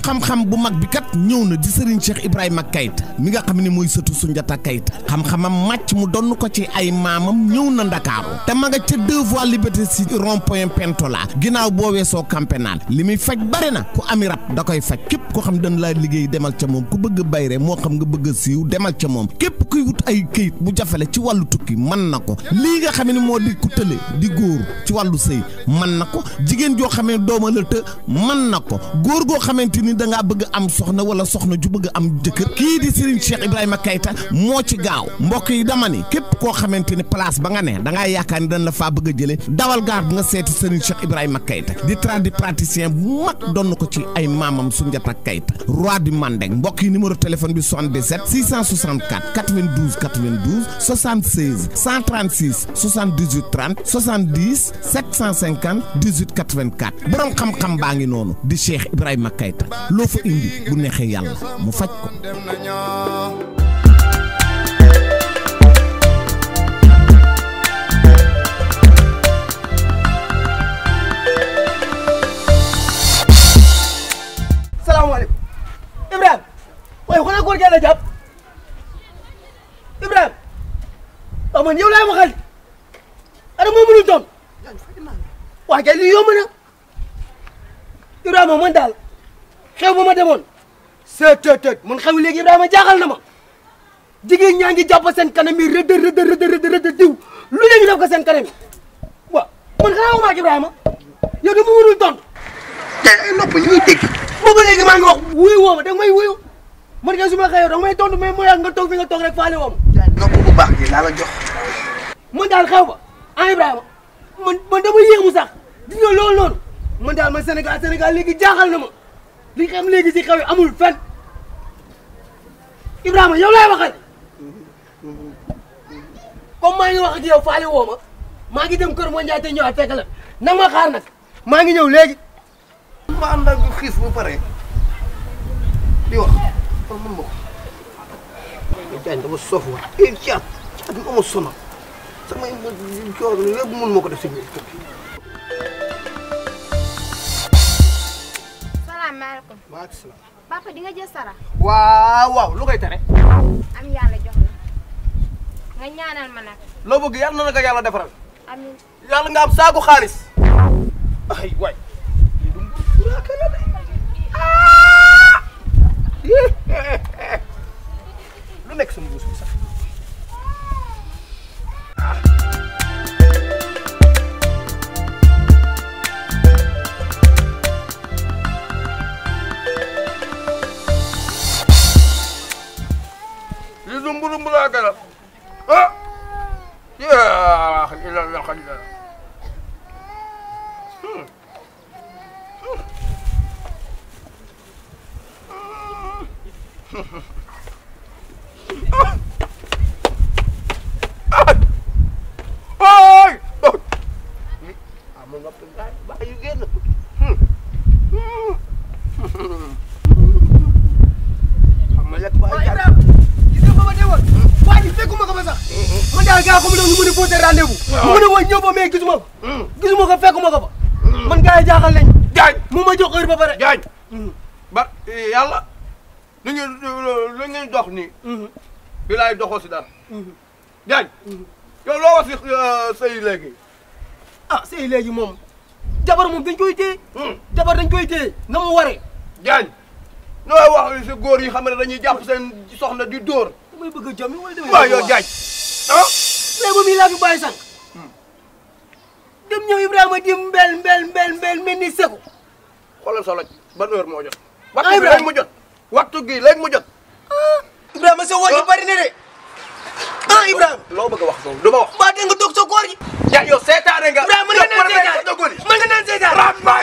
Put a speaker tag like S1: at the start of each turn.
S1: borom xam bu mag bi kat ñëw na di Serigne Cheikh Ibrahima Keita mi nga xam ne mooy sëtu Sunjata Keita xam-xamam màcc mu donn ko ci ay maamam ñëw na Ndakaaru te ma nga ca deux voies liberté si rond point Pentola ginnaaw boo weesoo campénal li muy faj bare na ku ami rab da koy faj képp ko xam dañ laa liggéey demal ca moom ku bëgg a bayre moo xam nga bëgg a siiw demal ca moom képp kuy wut ay këyit bu jafale ci wàllu tukki mën na ko lii nga xam ne moo di ku tële di góor ci wàllu sëy man na ko jigéen joo xam ne dooma të mën na ko góor goo xamante ni da nga bëgg am soxna wala soxna ju bëgg am jëkkër kii di Serigne Cheikh Ibrahima Keita moo ci gaaw mbokk yi dama ni képp koo xamante ni place ba nga ne da ngaa yaakaar ni dañ la faa bëgg a jëlee dawal gaar nga seeti Serigne Cheikh Ibrahima Keita di praticien bu mag doon ko ci ay maamam Soundiata Keita roi du Mandeng mbokk yi numéro téléphone bi 77 664 92 92 76 136 78 30 70 750 18 84 borom xam-xam baa ngi noonu di Cheikh Ibrahima Keita loo fa indi bu neexee yàlla mu faj ko.
S2: salaamaaleykum Ibrahima waaye xanaa góor gi la jàpp Ibrahima waaw man yow laay waxal ana moo mënul doon waaye kay lii yomb na Ibrahima man daal. xew ba ma te te mon xew legi Ibrahima jaxal na ma jigéen ñangi japp sen kanam mi reud reud reud reud reud diw lu ne ñu def ko sen kanam wa mon man xanaa waxuma ak Ibrahima yow dama warul tontu. te ay nopp ñuy tegg dégg. boobu legi ma ngi wax wuy wo ma danga may wuyu man kay su ma xëyoo danga may tontu mais mooy nga tok fi nga tok rek faale wom nopp bu baax gi la la jox. mon dal xew ba ah Ibrahima man man dama yéemu sax di nga loolu noonu man dal man senegal senegal legi jaxal na ma. li xam léegi si xew yi amul fen Ibrahima yow lay waxal comme maa ngi wax ak yow faale woo ma maa ngi dem kër moo njaay te ñëwaat fekk la nag ma xaar nag maa ngi ñëw léegi ma ànd ak xiif bu pare di wax kon mën ma ko jaay dama soof wa caat caat ma ama sonal samay coor lépp mun ma ko def si biir salaamaaleykum. waaleykum salaam. papa nga jël sarax. waaw waaw lu koy tere. am yàlla jox la nga ñaanal ma nag. loo bëgg yàlla na la ko yàlla defaral. nga am saaku xaalis. ay waay. Ah! lu nekk sama mbuus bi sax. bulbulaga. Ha? Ya, ilan na kanila. Hmm. hmm. Ah! Ah! Ay! Amo nga pagkain, bayo gano'n. ñëw ñu mën a poser rendez-vous mu ne ma ñëw apa? mais gisuma ko hmm. gisuma ko fekkuma ko fa hmm. man gars yi jaaxal nañ jaañ mu ma jox heure ba pare jaañ hmm. ba yàlla lu ñu lu ñu dox nii bi laay doxoo si dara jaañ yow loo wax si euh, sëy léegi ah sëy léegi moom jangan moom dañ koy jangan jabar dañ koy téye na mu waree jaañ nooy wax si góor yi xam ne dañuy jàpp seen soxna di dóor damay bëgg a jam wala damay waaw yow jaañ ah léegi mii laa fi bàyyi sànq. dem ñëw Ibrahima di mbel mbel mbel mbel mel ni seku. xoolal sa loj ban heure moo jot. Ah, waxtu bi léegi mu jot waxtu gi léegi mu jot. Ah, Ibrahima sa woote ah. bari na de. ah Ibrahima loo bëgg a wax loolu du ma wax. waa dégg nga toog sa koor gi. yoo yow seetaane nga. Ibrahima mën nga naan seetaan nga naan seetaan